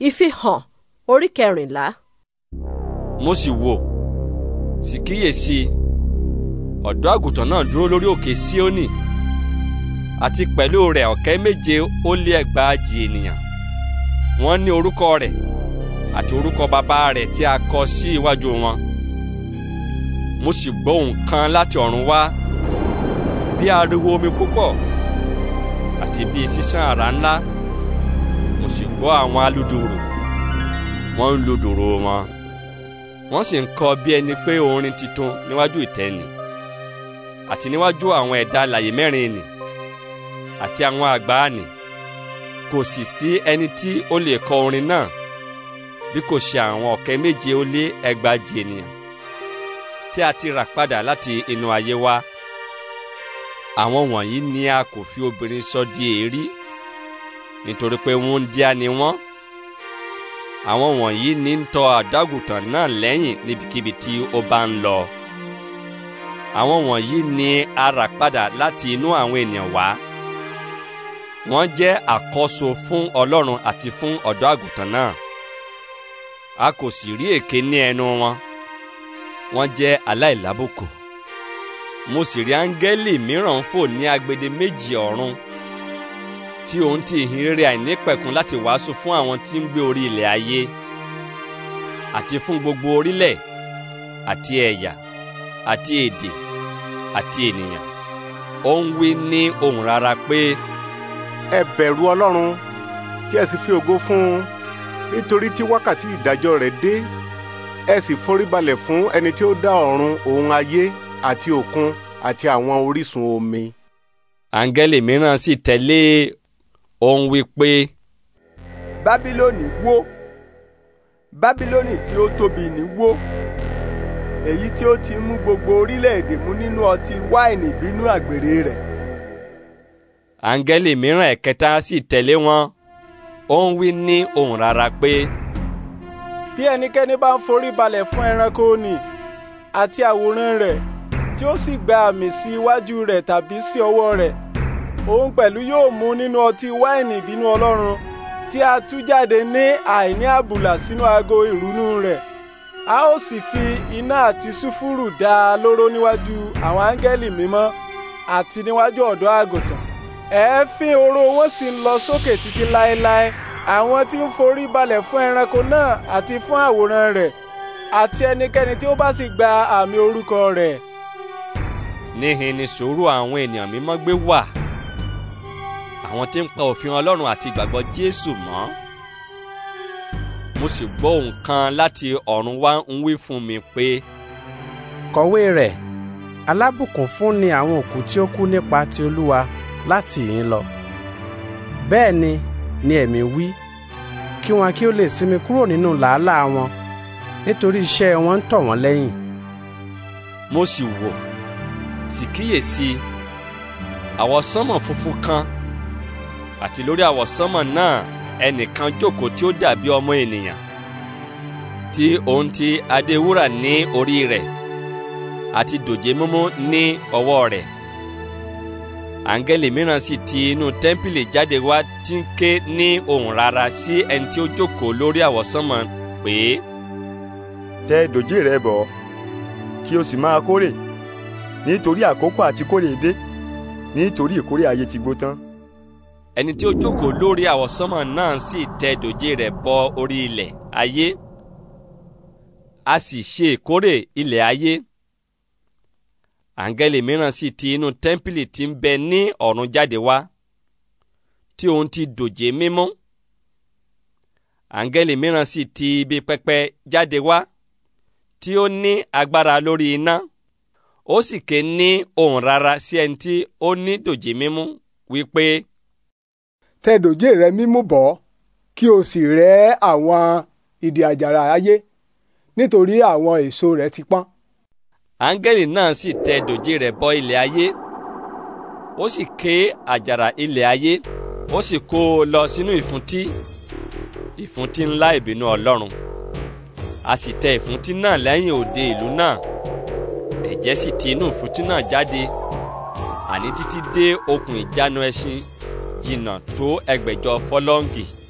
ìfihàn orí kẹrìnlá. mo sì wò sì kíyèsí ọ̀dọ́ àgùntàn náà dúró lórí òkè síónì àti pẹ̀lú rẹ̀ ọ̀kẹ́ méje ó lé ẹgbàájì ènìyàn wọ́n ní orúkọ rẹ̀ àti orúkọ bàbá rẹ̀ tí a kọ sí iwájú wọn mo sì gbọ́ ohùn kan láti ọ̀run wá bí ariwo omi púpọ̀ àti bí sísán àrá ńlá mo sì gbọ́ àwọn aludùùrù wọ́n ń lu dùùrù wọn wọ́n sì ń kọ bí ẹni pé orin tuntun níwájú ìtẹ́ ni àti níwájú àwọn ẹ̀dá alàyè mẹ́rin ni àti àwọn àgbà ni kò sì sí ẹni tí ó lè kọ orin náà bí kò ṣe àwọn ọ̀kẹ́ méje ó lé ẹgbàajì ènìyàn tí a ti rà padà láti inú ayé wa àwọn wọ̀nyí ni a kò fi obìnrin sọ di èérí nítorí pé wúńdíá ni wọ́n àwọn wọ̀nyí ní ń tọ àdágùtàn náà lẹ́yìn níbikíbi tí ó bá ń lọ àwọn wọ̀nyí ni a rà padà láti inú àwọn ènìyàn wá wọ́n jẹ́ àkọ́so fún Ọlọ́run àti fún ọ̀dọ́ àgùntàn náà a kò sì rí èké ní ẹnu wọn wọ́n jẹ́ aláìlábùkù mo sì rí áńgẹ́lì mìíràn fò ní agbede méjì ọ̀run tí òun ti ìhìnrere àìnípẹ̀kun láti wàásù fún àwọn tí ń gbé orí ilẹ̀ ayé àti fún gbogbo orílẹ̀ àti ẹ̀yà àti èdè àti ènìyàn ó ń wí ní ohùn rara pé. ẹ bẹ̀rù ọlọ́run kí ẹ sì fi ògo fún un nítorí tí wákàtí ìdájọ́ rẹ̀ dé ẹ sì foríbalẹ̀ fún ẹni tí ó dá ọ̀run òun ayé àti òkun àti àwọn orísun omi. áńgẹ́lì mìíràn sì tẹ̀lé e ó ń wí pé. bábílónì wó bábílónì tí ó tóbi ní wó èyí tí ó ti mú gbogbo orílẹ̀-èdè mu nínú ọtí wáìnì ìbínú àgbèrè rẹ̀. áńgẹ́lì mìíràn ẹ̀kẹta sì tẹ̀lé wọn ó ń wí ní ohùn rara pé. bí ẹnikẹ́ni bá ń forí balẹ̀ fún ẹranko ni àti àwòrán rẹ̀ tí ó sì gba àmì sí iwájú rẹ̀ tàbí sí ọwọ́ rẹ̀ òun pẹ̀lú yóò mu nínú ọtí wáìnì ìbínú ọlọ́run tí a tú jáde ní àìní àbùlà sínú aago ìrunú rẹ̀ a ó sì fi iná àti sùfúrù dá a lóró níwájú àwọn áńgẹ́lì mímọ́ àti níwájú ọ̀dọ́ àgùntàn ẹ̀ẹ́fín oró wọn sì ń lọ sókè títí láéláé àwọn tí ń forí balẹ̀ fún ẹranko náà àti fún àwòrán rẹ̀ àti ẹnikẹ́ni tí ó bá sì gba àmì orúkọ rẹ̀. níhìn ni sùúrù àwọn ènìyàn mímọ́ gbé wà àwọn tí ń pa òfin ọlọ́run àti ìgbàgbọ́ jésù mọ́ mo sì gbọ́ ohùn kan láti ọ̀run wá ń wí fún mi pé. kọ̀wé rẹ̀ alábùkún fún ni àwọn òkú tí ó kú nípa ti olúwa láti ìhín lọ bẹ́ẹ̀ ni ni ẹ̀mí wí kí wọn kí ó lè sinmi kúrò nínú làálàá wọn nítorí iṣẹ́ wọn ń tọ̀ wọ́n lẹ́yìn. mo sì wò sì kíyèsí àwọsánmọ̀ funfun kan àti lórí àwọ̀sánmọ̀ náà ẹnìkan jókòó tí ó dàbí ọmọ ènìyàn tí òun ti adé wúrà ní orí rẹ̀ àti dòjé mímú ní ọwọ́ rẹ̀ àǹgẹ́lì mìíràn sì ti inú tẹ́ḿpìlì jáde wá tí ń ké ní ohùn rara sí ẹni tí ó jókòó lórí àwọ̀sánmọ̀ pé. tẹ dòjé rẹ bọ̀ kí o sì máa kórè nítorí àkókò àti kórè dé nítorí ìkórè ayé ti gbó tán ẹni tí ó jókòó lórí àwọsánmọ̀ náà sì tẹ dòjé rẹ̀ bọ orí ilẹ̀ ayé a sì ṣe ìkórè ilẹ̀ ayé àǹgẹ́lì mìíràn sì ti inú tẹ́ḿpìlì tí ń bẹ ní ọ̀run jáde wá tí òun ti dòjé mímọ́ àǹgẹ́lì mìíràn sì ti ibi pẹpẹ jáde wá tí ó ní agbára lórí iná ó sì ké ní ohùn rara sí ẹni tí ó ní dòjé mímú wípé tẹ dòjé rẹ mímú bọ́ kí o sì rẹ́ àwọn ìdì àjàrà ayé nítorí àwọn èso rẹ̀ ti pọ́n. áńgẹ́lì náà sì tẹ dòjé rẹ̀ bọ ilẹ̀ ayé ó sì ké àjàrà ilẹ̀ ayé ó sì kó o lọ sínú ìfúntí ìfúntí ńlá ìbínú ọlọ́run a sì tẹ ìfúntí náà lẹ́yìn òde ìlú náà ẹ̀jẹ̀ sì ti inú ìfúntí náà jáde àní títí dé okùn ìjánu ẹṣin jìnnà tó ẹgbẹ̀jọ fọlọ́ǹgì.